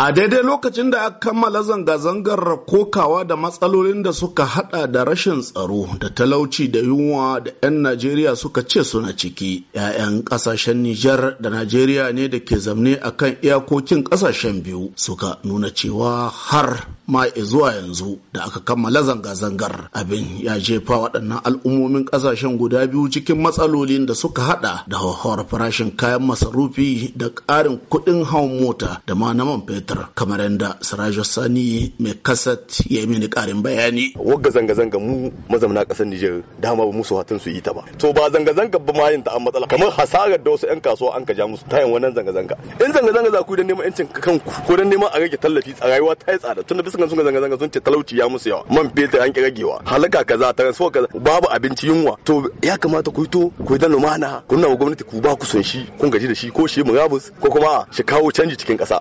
A daidai lokacin da aka kammala zanga-zangar kokawa da matsalolin da suka hada da rashin tsaro da talauci da yunwa da 'yan Najeriya suka ce suna ciki, 'ya'yan kasashen Nijar da Najeriya ne da ke zamne a kan iyakokin kasashen biyu suka nuna cewa har ma zuwa yanzu da aka kammala zanga-zangar abin ya jefa waɗannan al'ummomin kasashen guda biyu cikin matsalolin da suka hada da hauhawar farashin kayan masarufi da ƙarin kuɗin hawan mota da ma na man fetur. bukatar kamar yadda Sarajo sani mai kasat ya yi mini karin bayani wagga zanga-zanga mu mazamna kasar nijar dama ba musu hatan su yi ta ba to ba zanga-zanga ba ma yin ta an matsala kamar hasarar da wasu yan kasuwa an ka ja musu tayin wannan zanga-zanga in zanga-zanga za ku dan neman yancin kanku ko dan neman a rage tallafi a rayuwa ta yi tsada tunda bisa sun zanga-zanga sun ce talauci ya musu yawa man fetur an ki ragewa halaka kaza ta transfer kaza babu abinci yunwa to ya kamata ku to ku da lumana ku nuna gwamnati ku ba ku son shi kun gaji da shi ko shi murabus ko kuma shi kawo canji cikin kasa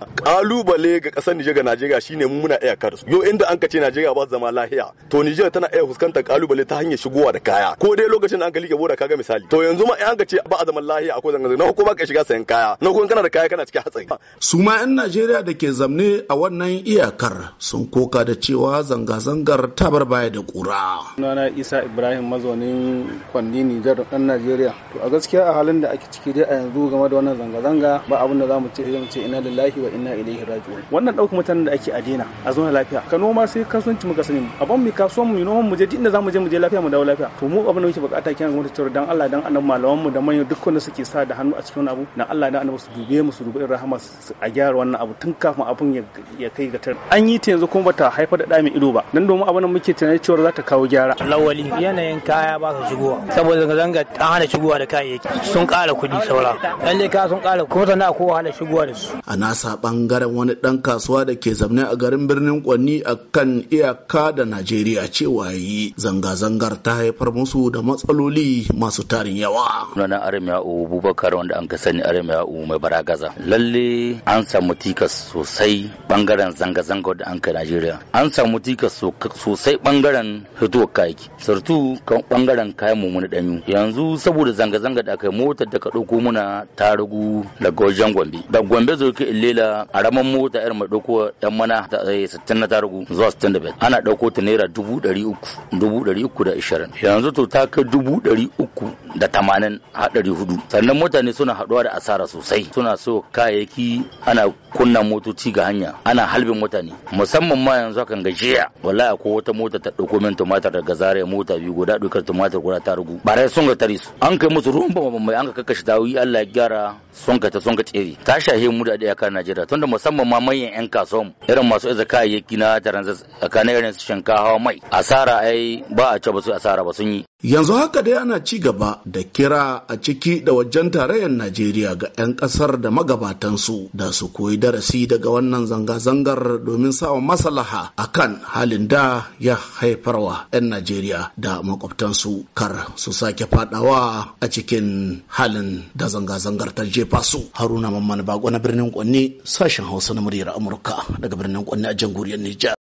kalubale ga kasar Nijar ga Najeriya shine mun muna iya da su inda an kace Najeriya ba zama lahiya to Nijar tana iya fuskantar kalubale ta hanyar shigowa da kaya ko dai lokacin da an kalike boda kaga misali to yanzu ma an kace ba a zaman lahiya akwai zanga zanga na hukuma ka shiga sayan kaya na hukuma kana da kaya kana cikin hatsari su ma yan Najeriya da ke zamne a wannan iyakar sun koka da cewa zanga zangar ta bar baya da kura sunana Isa Ibrahim mazaunin Kwandi Nijar dan Najeriya to a gaskiya a halin da ake ciki dai a yanzu game da wannan zanga zanga ba abin da zamu ce mu ce inna lillahi wa inna ilaihi juna wannan ɗaukar mutanen da ake a daina a zona lafiya ka noma sai kasuwanci muka sani mu abin mu kasuwan mu noman mu je duk inda zamu je mu je lafiya mu dawo lafiya to mu abin da muke bukata kenan gwamnati ta dan Allah dan annabi malaman mu da manyan duk wanda suke sa da hannu a cikin abu dan Allah dan annabi su dube mu su dube rahama a gyara wannan abu tun kafin abin ya kai ga tar an yi ta yanzu kuma bata haifa da dami ido ba dan domin abin da muke tunanin cewa za ta kawo gyara lawali yanayin kaya ba su shigowa saboda zanga an hana shigowa da kayayyaki sun kara kuɗi saura lalle ka sun ƙara kuma na ko hana shigowa da su a nasa bangaren wani wani ɗan kasuwa da ke zamne a garin birnin Kwanni a kan iyaka da Najeriya cewa yi zanga-zangar ta haifar musu da matsaloli masu tarin yawa. nuna Arim Bubakar wanda an sani Arim mai baragaza. Lalle an samu tikas sosai bangaren zanga-zangar da an ka Najeriya. An samu tikas sosai bangaren fitowar kayaki. Sartu kan bangaren kayan mu Yanzu saboda zanga-zangar da aka yi motar da ka ɗauko muna ta ragu daga wajen Gombe. Da Gombe zo ke illela a ramar mota irin mai ɗauko ɗan mana ta tsaye eh, sittin na tarugu zuwa sittin da ana ɗauko ta naira dubu ɗari uku dubu ɗari uku da ishirin yanzu to ta kai dubu ɗari uku da tamanin har ɗari hudu sannan mutane suna haɗuwa da asara sosai suna so kayayyaki ana kunna motoci ga hanya ana halbin mutane musamman ma yanzu hakan ga jiya wallahi ko wata mota ta ɗauko min tumatir daga zaria mota biyu guda ɗaukar tumatir guda tarugu bare sun ga tare su an kai musu ruwan bambamai an ka kakkashe tawi Allah ya gyara sun ka ta sun ka tsere ta shahe mu da ɗaya kan Najeriya tunda musamman ma manyan 'yan kasuwan irin masu iza kayayyaki na taransa tsakanin irin shinkawa mai asara ai ba a ce ba su asara ba sun yi yanzu haka dai ana ci gaba da kira a ciki da wajen tarayyar najeriya ga 'yan kasar da magabatan su da su koyi darasi daga wannan zanga-zangar domin sawa maslaha akan halin da ya haifarwa 'yan najeriya da makwabtansu kar su sake fadawa a cikin halin da zanga-zangar ta jefa su haruna mamman bago na birnin kwanne sashen hausa na muryar Amurka daga birnin Kwanne a jamhuriyar Nijar.